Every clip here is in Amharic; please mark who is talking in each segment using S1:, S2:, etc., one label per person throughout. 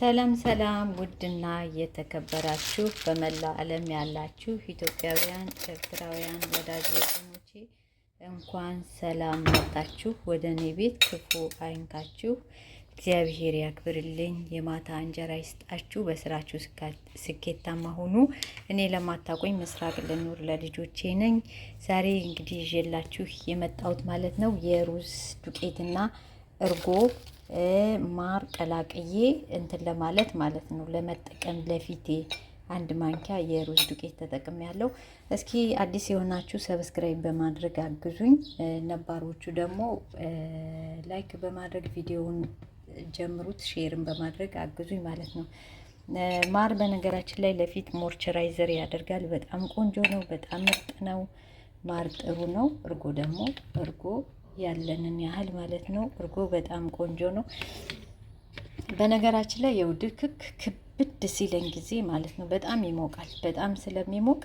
S1: ሰላም ሰላም ውድና የተከበራችሁ በመላ ዓለም ያላችሁ ኢትዮጵያውያን፣ ኤርትራውያን ወዳጅ ወገኖቼ እንኳን ሰላም መጣችሁ። ወደ እኔ ቤት ክፉ አይንካችሁ፣ እግዚአብሔር ያክብርልኝ፣ የማታ እንጀራ ይስጣችሁ፣ በስራችሁ ስኬታማ ሆኑ። እኔ ለማታቆኝ ምስራቅ ልኑር ለልጆቼ ነኝ። ዛሬ እንግዲህ ይዤላችሁ የመጣሁት ማለት ነው የሩዝ ዱቄትና እርጎ ማር ቀላቅዬ እንትን ለማለት ማለት ነው ለመጠቀም ለፊቴ አንድ ማንኪያ የሩዝ ዱቄት ተጠቅም ያለው። እስኪ አዲስ የሆናችሁ ሰብስክራይብ በማድረግ አግዙኝ። ነባሮቹ ደግሞ ላይክ በማድረግ ቪዲዮውን ጀምሩት፣ ሼርን በማድረግ አግዙኝ ማለት ነው። ማር በነገራችን ላይ ለፊት ሞርቸራይዘር ያደርጋል። በጣም ቆንጆ ነው። በጣም ምርጥ ነው። ማር ጥሩ ነው። እርጎ ደግሞ እርጎ ያለንን ያህል ማለት ነው። እርጎ በጣም ቆንጆ ነው። በነገራችን ላይ የውድክክ ክብድ ሲለኝ ጊዜ ማለት ነው በጣም ይሞቃል። በጣም ስለሚሞቅ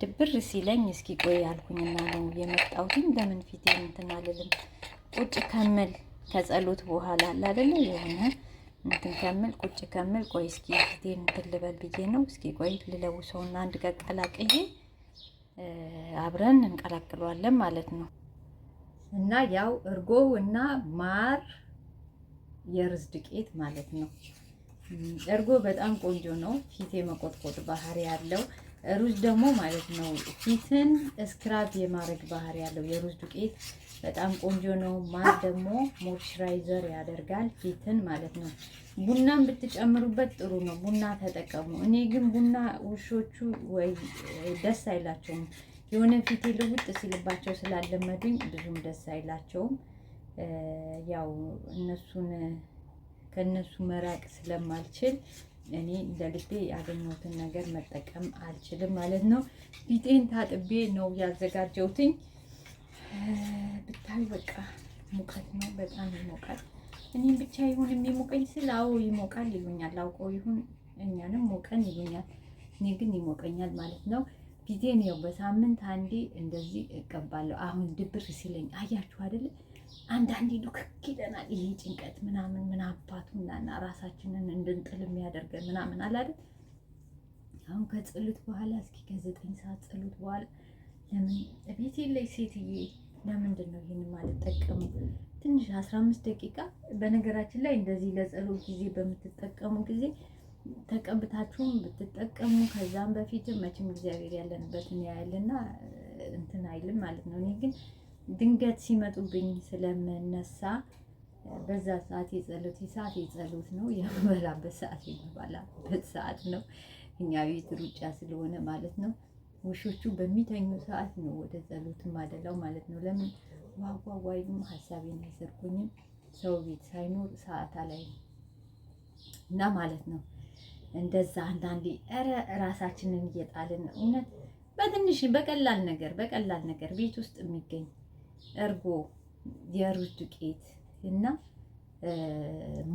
S1: ድብር ሲለኝ እስኪ ቆይ ያልኩኝና ነው የመጣሁትኝ። በምን ፊት እንትን አልልም ቁጭ ከምል ከጸሎት በኋላ አላደለ የሆነ እንትን ከምል ቁጭ ከምል ቆይ እስኪ ፊቴን እንትን ልበል ብዬ ነው። እስኪ ቆይ ልለውሰውና አንድ ቀቀላቅዬ አብረን እንቀላቅሏለን ማለት ነው። እና ያው እርጎው እና ማር የርዝ ዱቄት ማለት ነው። እርጎ በጣም ቆንጆ ነው፣ ፊት የመቆጥቆጥ ባህሪ ያለው። ሩዝ ደግሞ ማለት ነው ፊትን እስክራብ የማድረግ ባህሪ ያለው የሩዝ ዱቄት በጣም ቆንጆ ነው። ማር ደግሞ ሞይስቸራይዘር ያደርጋል ፊትን ማለት ነው። ቡናን ብትጨምሩበት ጥሩ ነው። ቡና ተጠቀሙ። እኔ ግን ቡና ውሾቹ ወይ ደስ አይላቸውም። የሆነ ፊቴ ልውጥ ሲልባቸው ስላለመዱኝ ብዙም ደስ አይላቸውም። ያው እነሱን ከእነሱ መራቅ ስለማልችል እኔ ልቤ ያገኘሁትን ነገር መጠቀም አልችልም ማለት ነው። ፊቴን ታጥቤ ነው ያዘጋጀሁትኝ። ብታዩ በቃ ሙቀት ነው፣ በጣም ይሞቃል። እኔም ብቻ ይሁን የሚሞቀኝ ስል አዎ ይሞቃል ይሉኛል፣ አውቀው ይሁን እኛንም ሞቀን ይሉኛል። እኔ ግን ይሞቀኛል ማለት ነው። ጊዜን ያው በሳምንት አንዴ እንደዚህ እቀባለሁ። አሁን ድብር ሲለኝ አያችሁ አይደለ? አንዳንዴ ዱክክ ይለናል። ይሄ ጭንቀት ምናምን ምን አባቱና እና ራሳችንን እንድንጥል የሚያደርገን ምናምን አይደል? አሁን ከጸሎት በኋላ እስኪ ከዘጠኝ ሰዓት ጸሎት በኋላ ለምን ቤቴ ላይ ሴትዬ ለምንድን ነው ይህን ማለት ትንሽ አስራ አምስት ደቂቃ በነገራችን ላይ እንደዚህ ለጸሎት ጊዜ በምትጠቀሙ ጊዜ ተቀብታችሁም ብትጠቀሙ ከዛም በፊትም መቼም እግዚአብሔር ያለንበትን ያያልና እንትን አይልም ማለት ነው። እኔ ግን ድንገት ሲመጡብኝ ስለምነሳ በዛ ሰዓት የጸሎት ሰዓት የጸሎት ነው፣ የምበላበት ሰዓት የምበላበት ሰዓት ነው። እኛ ቤት ሩጫ ስለሆነ ማለት ነው። ውሾቹ በሚተኙ ሰዓት ነው ወደ ጸሎት ማደላው ማለት ነው። ለምን ዋጓጓይም ሀሳቤን አይሰርኩኝም ሰው ቤት ሳይኖር ሰዓታ ላይ እና ማለት ነው። እንደዛ አንዳንዴ ኧረ ራሳችንን እየጣልን እውነት በትንሽ በቀላል ነገር በቀላል ነገር ቤት ውስጥ የሚገኝ እርጎ፣ የሩዝ ዱቄት እና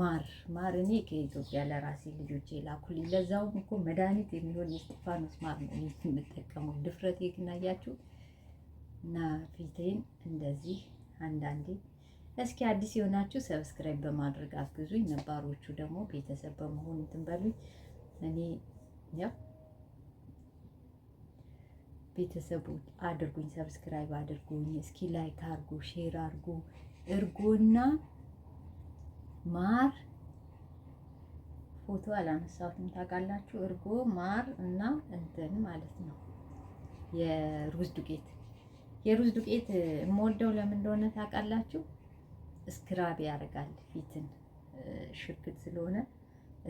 S1: ማር ማር እኔ ከኢትዮጵያ ለራሴ ልጆቼ ላኩልኝ። ለዛውም እኮ መድኃኒት የሚሆን የስጢፋኖስ ማር ነው የምጠቀመው። ድፍረት ግን እና ፊቴን እንደዚህ አንዳንዴ እስኪ አዲስ የሆናችሁ ሰብስክራይብ በማድረግ አግዙኝ። ነባሮቹ ደግሞ ቤተሰብ በመሆን እንትን በሉኝ። እኔ ያው ቤተሰቡ አድርጉኝ፣ ሰብስክራይብ አድርጉኝ፣ እስኪ ላይክ አርጉ፣ ሼር አርጉ። እርጎና ማር ፎቶ አላነሳሁትም ታውቃላችሁ። እርጎ ማር እና እንትን ማለት ነው የሩዝ ዱቄት የሩዝ ዱቄት የምወደው ለምን እንደሆነ ታውቃላችሁ? ስክራብ ያደርጋል ፊትን ሽክት ስለሆነ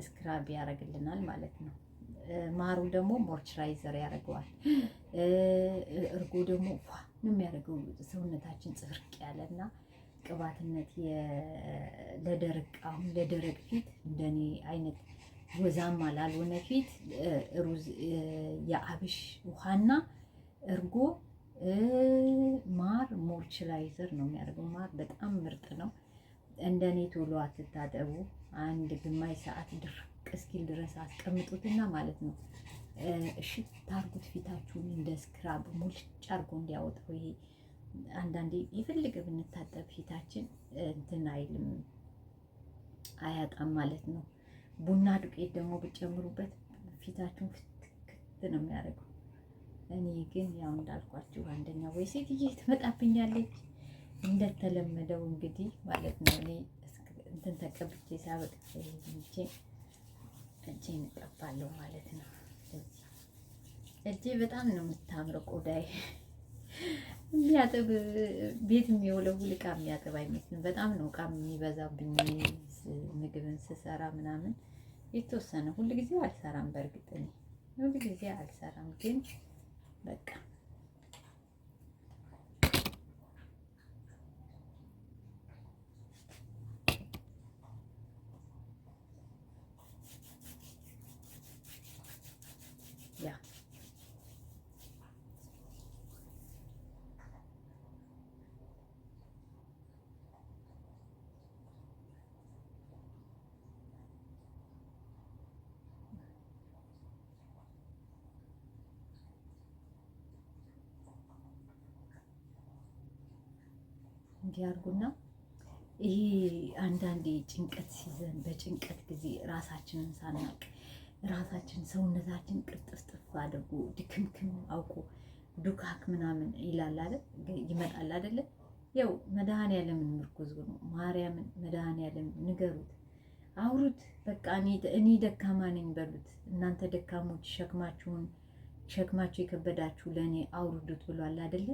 S1: ስክራብ ያደርግልናል ማለት ነው። ማሩ ደግሞ ሞይስቸራይዘር ያደርገዋል። እርጎ ደግሞ ፏ ነው የሚያደርገው ሰውነታችን ጽፍርቅ ያለና ቅባትነት ለደረቅ አሁን ለደረቅ ፊት እንደኔ አይነት ወዛማ ላልሆነ ፊት ሩዝ የአብሽ ውሃና እርጎ ማር ሞርችላይዘር ነው የሚያደርገው። ማር በጣም ምርጥ ነው። እንደኔ ቶሎ አትታጠቡ። አንድ ግማሽ ሰዓት ድርቅ እስኪል ድረስ አስቀምጡትና ማለት ነው እሽት አርጉት። ፊታችሁን እንደ ስክራብ ሙልጭ አርጎ እንዲያወጣው። ይሄ አንዳንዴ የፈለገ ብንታጠብ ፊታችን እንትን አይልም አያጣም ማለት ነው። ቡና ዱቄት ደግሞ ብጨምሩበት ፊታችሁን ፍትክት ነው የሚያደርገው። እኔ ግን ያው እንዳልኳችሁ አንደኛ ወይ ሴትዬ ትመጣብኛለች እንደተለመደው እንግዲህ ማለት ነው እኔ እንትን ተቀብቼ ሳበቅ ይዤ እጄን እቀባለሁ ማለት ነው። እጄ በጣም ነው የምታምረው። ቆዳዬ የሚያጥብ ቤት የሚወለውል እቃ የሚያጥብ አይመስልም። በጣም ነው ዕቃ የሚበዛብኝ ምግብን ስሰራ ምናምን የተወሰነ ሁልጊዜ አልሰራም። በእርግጥ ሁልጊዜ አልሰራም ግን በቃ እንዲያርጉና ይሄ አንዳንዴ ጭንቀት ሲዘን በጭንቀት ጊዜ ራሳችንን ሳናቅ ራሳችን ሰውነታችን ቅርጥፍጥፍ አድርጎ ድክምክም አውቆ ዱካክ ምናምን ይላል አይደል? ይመጣል አይደለ? ያው መድኃኔዓለምን ምርኩዝ ነው። ማርያምን መድኃኔዓለምን ንገሩት፣ አውሩት። በቃ እኔ ደካማ ነኝ በሉት። እናንተ ደካሞች ሸክማችሁን ሸክማችሁ የከበዳችሁ ለእኔ አውርዱት ብሏል አይደለ?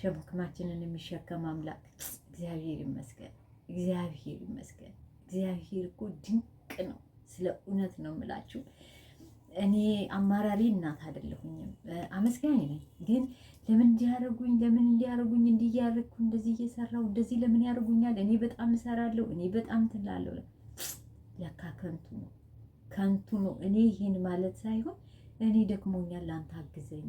S1: ሸክማችንን የሚሸከም አምላክ እግዚአብሔር ይመስገን፣ እግዚአብሔር ይመስገን። እግዚአብሔር እኮ ድንቅ ነው። ስለ እውነት ነው የምላችሁ። እኔ አማራሪ እናት አይደለሁኝም፣ አመስጋኝ ነኝ። ግን ለምን እንዲያደርጉኝ ለምን እንዲያደርጉኝ እያደረግኩ እንደዚህ እየሰራው እንደዚህ ለምን ያደርጉኛል? እኔ በጣም እሰራለሁ፣ እኔ በጣም ትላለሁ። ለካ ከንቱ ነው፣ ከንቱ ነው። እኔ ይህን ማለት ሳይሆን እኔ ደክሞኛል፣ ላንተ አግዘኝ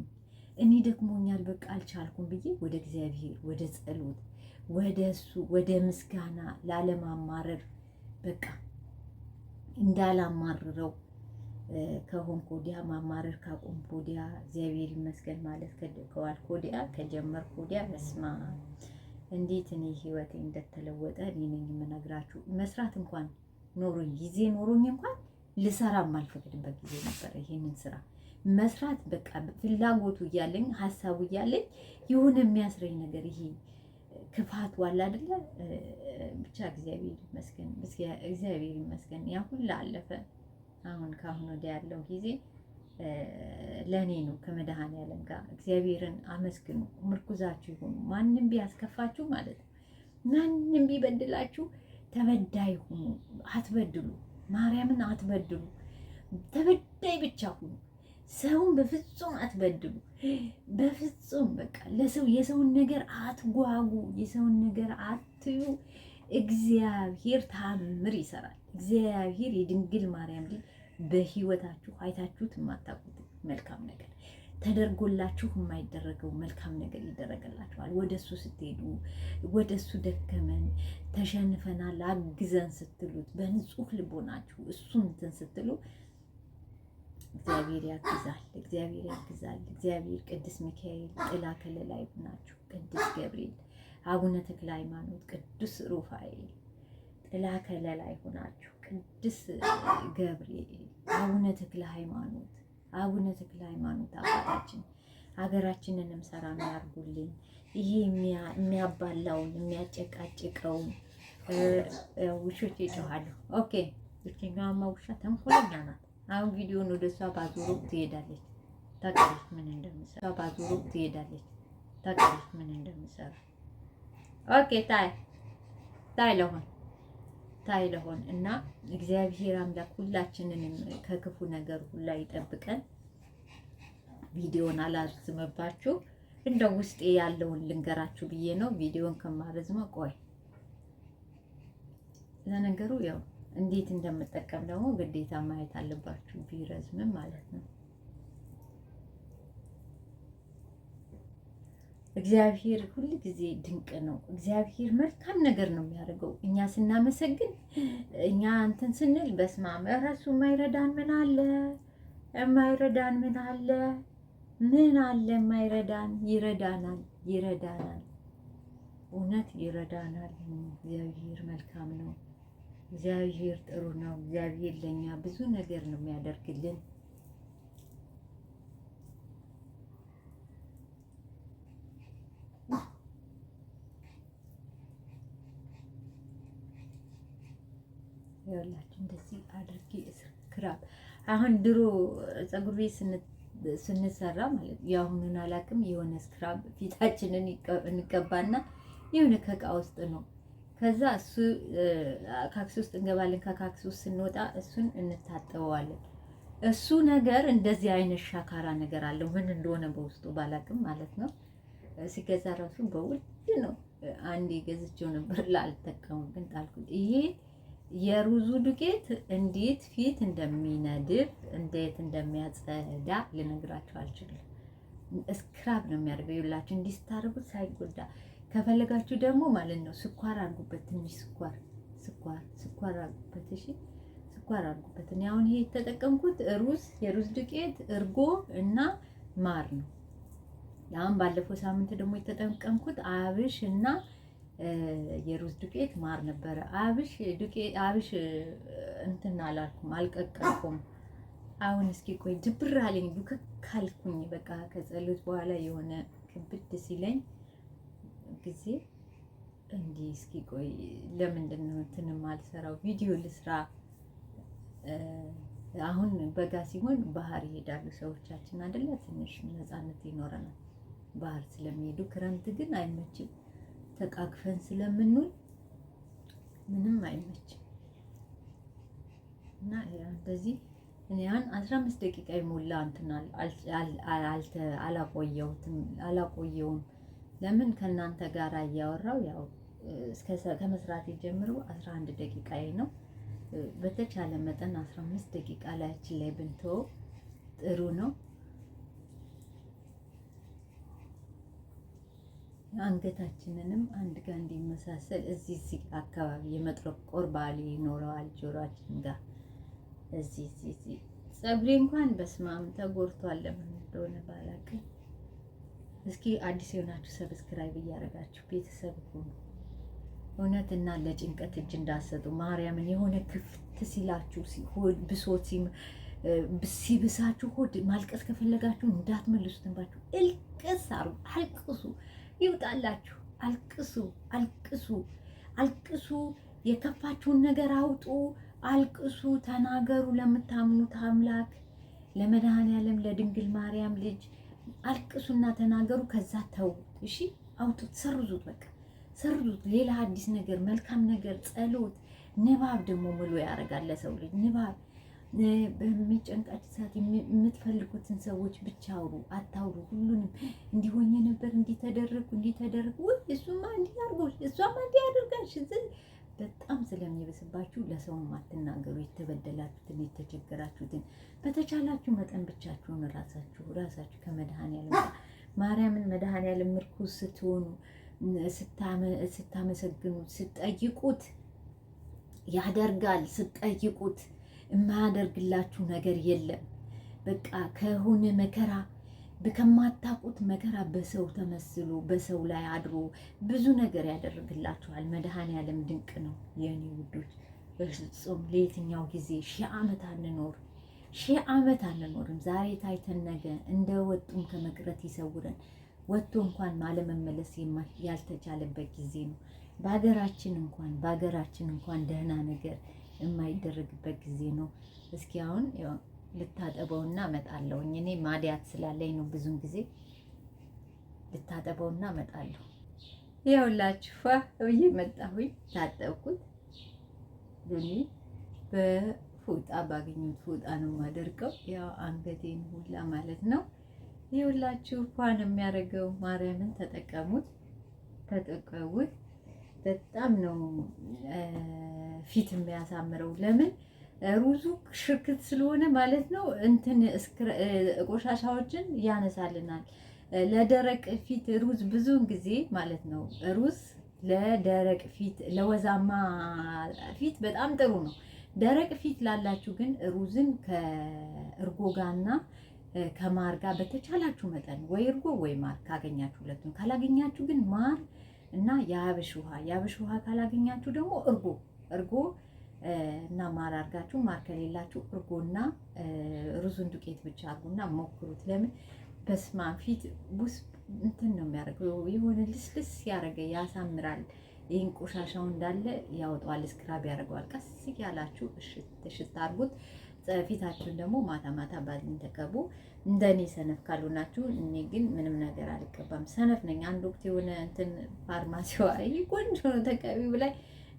S1: እኔ ደክሞኛል፣ በቃ አልቻልኩም ብዬ ወደ እግዚአብሔር ወደ ጸሎት ወደ እሱ ወደ ምስጋና ላለማማረር በቃ እንዳላማርረው ከሆን ኮዲያ ማማረር ካቆም ኮዲያ እግዚአብሔር ይመስገን ማለት ከዋል ኮዲያ ከጀመር ኮዲያ በስማ እንዴት እኔ ህይወቴ እንደተለወጠ እኔ ነኝ የምነግራችሁ። መስራት እንኳን ኖሮኝ ጊዜ ኖሮኝ እንኳን ልሰራ አልፈቅድም ጊዜ ነበረ ይህንን ስራ መስራት በቃ ፍላጎቱ እያለኝ ሀሳቡ እያለኝ የሆነ የሚያስረኝ ነገር ይሄ ክፋት ዋላ አደለ። ብቻ እግዚአብሔር ይመስገን፣ እግዚአብሔር ይመስገን ያ ሁላ አለፈ። አሁን ከአሁን ወዲያ ያለው ጊዜ ለእኔ ነው ከመድኃኔዓለም ጋር እግዚአብሔርን አመስግኑ፣ ምርኩዛችሁ ይሁኑ። ማንም ቢያስከፋችሁ ማለት ነው፣ ማንም ቢበድላችሁ ተበዳይ ሁኑ፣ አትበድሉ። ማርያምን አትበድሉ፣ ተበዳይ ብቻ ሁኑ። ሰውን በፍጹም አትበድሉ። በፍጹም በቃ ለሰው የሰውን ነገር አትጓጉ፣ የሰውን ነገር አትዩ። እግዚአብሔር ታምር ይሰራል። እግዚአብሔር የድንግል ማርያም ልጅ በህይወታችሁ አይታችሁት የማታውቁት መልካም ነገር ተደርጎላችሁ የማይደረገው መልካም ነገር ይደረገላችኋል። ወደ እሱ ስትሄዱ ወደ እሱ ደከመን፣ ተሸንፈናል፣ አግዘን ስትሉት በንጹህ ልቦናችሁ እሱን እንትን ስትሉ እግዚአብሔር ያግዛል፣ እግዚአብሔር ያግዛል። እግዚአብሔር ቅዱስ ሚካኤል ጥላ ከለላ ይሁናችሁ። ቅዱስ ገብርኤል፣ አቡነ ተክለ ሃይማኖት፣ ቅዱስ ሩፋኤል ጥላ ከለላ ይሁናችሁ። ቅዱስ ገብርኤል፣ አቡነ ተክለ ሃይማኖት፣ አቡነ ተክለ ሃይማኖት አባታችን ሀገራችንንም ሰላም ያርጉልን። ይሄ የሚያባላውን የሚያጨቃጭቀውን ውሾች ይጮሃሉ። ኦኬ፣ ይችኛዋማ ውሻ ተንኮለኛ ናት። አሁን ቪዲዮን ወደ እሷ ባዙሮ ትሄዳለች። ታውቃለች ምን እንደምሰራ ባዙሮ ትሄዳለች። ታውቃለች ምን እንደምሰራ። ኦኬ ታይ ታይ ለሆን ታይ ለሆን እና እግዚአብሔር አምላክ ሁላችንንም ከክፉ ነገር ሁላ ይጠብቀን። ቪዲዮን አላርዝምባችሁ እንደ ውስጤ ያለውን ልንገራችሁ ብዬ ነው። ቪዲዮን ከማረዝመው ቆይ ለነገሩ ያው እንዴት እንደምጠቀም ደግሞ ግዴታ ማየት አለባችሁ፣ ቢረዝምም ማለት ነው። እግዚአብሔር ሁል ጊዜ ድንቅ ነው። እግዚአብሔር መልካም ነገር ነው የሚያደርገው። እኛ ስናመሰግን፣ እኛ እንትን ስንል በስማም አብ የማይረዳን ምን አለ? የማይረዳን ምን አለ? ምን አለ? የማይረዳን ይረዳናል፣ ይረዳናል፣ እውነት ይረዳናል። እግዚአብሔር መልካም ነው። እግዚአብሔር ጥሩ ነው። እግዚአብሔር ለኛ ብዙ ነገር ነው የሚያደርግልን። ያላችሁ እንደዚህ አድርጌ እስክራብ አሁን ድሮ ፀጉሬ ስንሰራ ማለት የአሁኑን አላውቅም። የሆነ ስክራብ ፊታችንን እንቀባና የሆነ ከእቃ ውስጥ ነው ከዛ እሱ ካክሲ ውስጥ እንገባለን። ከካክሲ ውስጥ ስንወጣ እሱን እንታጠበዋለን። እሱ ነገር እንደዚህ አይነት ሻካራ ነገር አለው። ምን እንደሆነ በውስጡ ባላቅም ማለት ነው። ሲገዛ ራሱ በውድ ነው። አንድ ገዝቼው ነበር ላልጠቀሙም ግን ጣልኩት። ይሄ የሩዙ ዱቄት እንዴት ፊት እንደሚነድፍ እንዴት እንደሚያጸዳ ልነግራቸው አልችልም። እስክራብ ነው የሚያደርገው። ይላችሁ እንዲስታርጉት ሳይጎዳ ከፈለጋችሁ ደግሞ ማለት ነው ስኳር አርጉበት፣ ትንሽ ስኳር ስኳር ስኳር አርጉበት። እሺ ስኳር አርጉበት። እኔ አሁን ይሄ የተጠቀምኩት ሩዝ፣ የሩዝ ዱቄት፣ እርጎ እና ማር ነው። አሁን ባለፈው ሳምንት ደግሞ የተጠቀምኩት አብሽ እና የሩዝ ዱቄት ማር ነበረ። አብሽ ዱቄት አብሽ እንትን አላልኩም አልቀቀልኩም። አሁን እስኪ ቆይ ድብር አለኝ ዱክክ በቃ ከጸሎት በኋላ የሆነ ክብድ ሲለኝ ጊዜ እንዲህ እስኪ ቆይ ለምንድን ነው እንትን የማልሰራው ቪዲዮ ልስራ። አሁን በጋ ሲሆን ባህር ይሄዳሉ ሰዎቻችን አይደለ? ትንሽ ነፃነት ይኖረናል ባህር ስለሚሄዱ። ክረምት ግን አይመችም፣ ተቃቅፈን ስለምንውል ምንም አይመችም። እና እንደዚህ እኔያን አስራ አምስት ደቂቃ የሞላ እንትን አላቆየሁትም አላቆየውም ለምን ከእናንተ ጋር እያወራው ያው ከመስራት ጀምሮ 11 ደቂቃ ነው። በተቻለ መጠን 15 ደቂቃ ላያችን ላይ ብንተው ጥሩ ነው። አንገታችንንም አንድ ጋር እንዲመሳሰል እዚህ እዚህ አካባቢ የመጥረቆር ባህሪ ይኖረዋል። ጆሮአችን ጋር እዚህ እዚህ ፀጉሬ እንኳን በስማም ተጎርቷል ለምን እንደሆነ ባላውቅም እስኪ አዲስ የሆናችሁ ሰብስክራይብ እያደረጋችሁ ቤተሰብ ሁኑ። እውነትና ለጭንቀት እጅ እንዳሰጡ ማርያምን የሆነ ክፍት ሲላችሁ ብሶት ሲብሳችሁ ሆድ ማልቀስ ከፈለጋችሁ እንዳትመልሱት ትንባችሁ እልቅስ አልቅሱ፣ ይውጣላችሁ። አልቅሱ አልቅሱ አልቅሱ። የከፋችሁን ነገር አውጡ፣ አልቅሱ፣ ተናገሩ ለምታምኑት አምላክ ለመድሃን ያለም ለድንግል ማርያም ልጅ አልቅሱና ተናገሩ። ከዛ ተው እሺ፣ አውጡት፣ ሰርዙት፣ በቃ ሰርዙት። ሌላ አዲስ ነገር፣ መልካም ነገር፣ ጸሎት፣ ንባብ ደግሞ ምሎ ያደርጋል ለሰው ልጅ ንባብ። በሚጨንቃችሁ ሰዓት የምትፈልጉትን ሰዎች ብቻ አውሩ፣ አታውሩ ሁሉንም። እንዲሆኝ ነበር እንዲተደረግኩ እንዲተደረግኩ፣ እሱማ እንዲህ አድርጎሽ፣ እሷማ እንዲህ ዝም በጣም ስለሚበስባችሁ ለሰውም አትናገሩ። የተበደላችሁትን የተቸገራችሁትን በተቻላችሁ መጠን ብቻችሁን ራሳችሁ ራሳችሁ ከመድኃኔዓለም ማርያምን መድኃኔዓለም ምርኩዝ ስትሆኑ ስታመሰግኑት ስጠይቁት ያደርጋል። ስጠይቁት የማያደርግላችሁ ነገር የለም። በቃ ከሆነ መከራ ከማታውቁት መከራ በሰው ተመስሎ በሰው ላይ አድሮ ብዙ ነገር ያደርግላችኋል። መድኃኔዓለም ድንቅ ነው የእኔ ውዶች። በፍጹም ለየትኛው ጊዜ ሺህ ዓመት አንኖር ሺህ ዓመት አንኖርም። ዛሬ ታይተን ነገ እንደ ወጡም ከመቅረት ይሰውረን። ወጥቶ እንኳን ማለመመለስ ያልተቻለበት ጊዜ ነው። በሀገራችን እንኳን በሀገራችን እንኳን ደህና ነገር የማይደረግበት ጊዜ ነው። እስኪ አሁን ልታጠበውና እመጣለሁኝ። እኔ ማዲያት ስላለኝ ነው ብዙን ጊዜ ልታጠበውና እመጣለሁ። ይኸውላችሁ ብዬ መጣሁኝ፣ ታጠብኩት። ዱኒ በፎጣ ባገኙት ፎጣ ነው የማደርገው፣ ያው አንገቴን ሁላ ማለት ነው። ይኸውላችሁ ፋን የሚያደርገው ማርያምን ተጠቀሙት፣ ተጠቀሙት። በጣም ነው ፊት የሚያሳምረው ለምን ሩዙ ሽርክት ስለሆነ ማለት ነው እንትን ቆሻሻዎችን ያነሳልናል። ለደረቅ ፊት ሩዝ ብዙውን ጊዜ ማለት ነው ሩዝ ለደረቅ ፊት ለወዛማ ፊት በጣም ጥሩ ነው። ደረቅ ፊት ላላችሁ ግን ሩዝን ከእርጎ ጋርና ከማር ጋር በተቻላችሁ መጠን ወይ እርጎ ወይ ማር ካገኛችሁ ሁለቱም፣ ካላገኛችሁ ግን ማር እና የአብሽ ውሃ፣ የአብሽ ውሃ ካላገኛችሁ ደግሞ እርጎ እርጎ እና ማር አርጋችሁ ማር ከሌላችሁ እርጎና ሩዙን ዱቄት ብቻ አርጉና ሞክሩት። ለምን በስማ ፊት ውስጥ እንትን ነው የሚያደርገው፣ የሆነ ልስልስ ያደረገ ያሳምራል። ይህን ቆሻሻው እንዳለ ያወጣዋል፣ ስክራብ ያደርገዋል። ቀስ ያላችሁ እሽት አርጉት። ፊታችሁን ደግሞ ማታ ማታ ባዝሊን ተቀቡ። እንደኔ ሰነፍ ካልሆናችሁ፣ እኔ ግን ምንም ነገር አልቀባም። ሰነፍ ነኝ። አንድ ወቅት የሆነ እንትን ፋርማሲዋ ቆንጆ ነው ተቀቢ ብላይ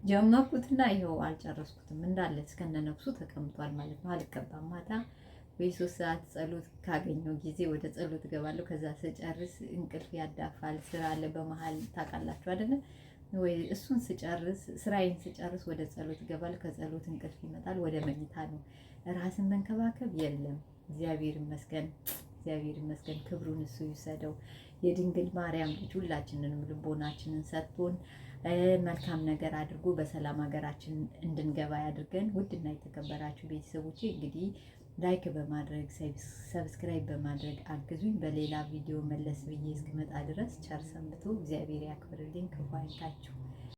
S1: ጀመርኩትና ይኸው አልጨረስኩትም እንዳለ እስከነ ነፍሱ ተቀምጧል ማለት ነው። አልቀባም ማታ ወይ ሶስት ሰዓት ጸሎት ካገኘው ጊዜ ወደ ጸሎት እገባለሁ። ከዛ ስጨርስ እንቅልፍ ያዳፋል። ስራ አለ በመሀል ታውቃላችሁ አይደለ ወይ? እሱን ስጨርስ ስራዬን ስጨርስ ወደ ጸሎት እገባለሁ። ከጸሎት እንቅልፍ ይመጣል። ወደ መኝታ ነው። ራስን መንከባከብ የለም። እግዚአብሔር ይመስገን፣ እግዚአብሔር ይመስገን። ክብሩን እሱ ይውሰደው። የድንግል ማርያም ልጅ ሁላችንንም ልቦናችንን ሰጥቶን መልካም ነገር አድርጎ በሰላም ሀገራችን እንድንገባ ያድርገን። ውድና የተከበራችሁ ቤተሰቦች እንግዲህ ላይክ በማድረግ ሰብስክራይብ በማድረግ አግዙኝ። በሌላ ቪዲዮ መለስ ብዬ እስክመጣ ድረስ ቸር ሰንብቱ። እግዚአብሔር ያክብርልኝ። ክፉ አይታችሁ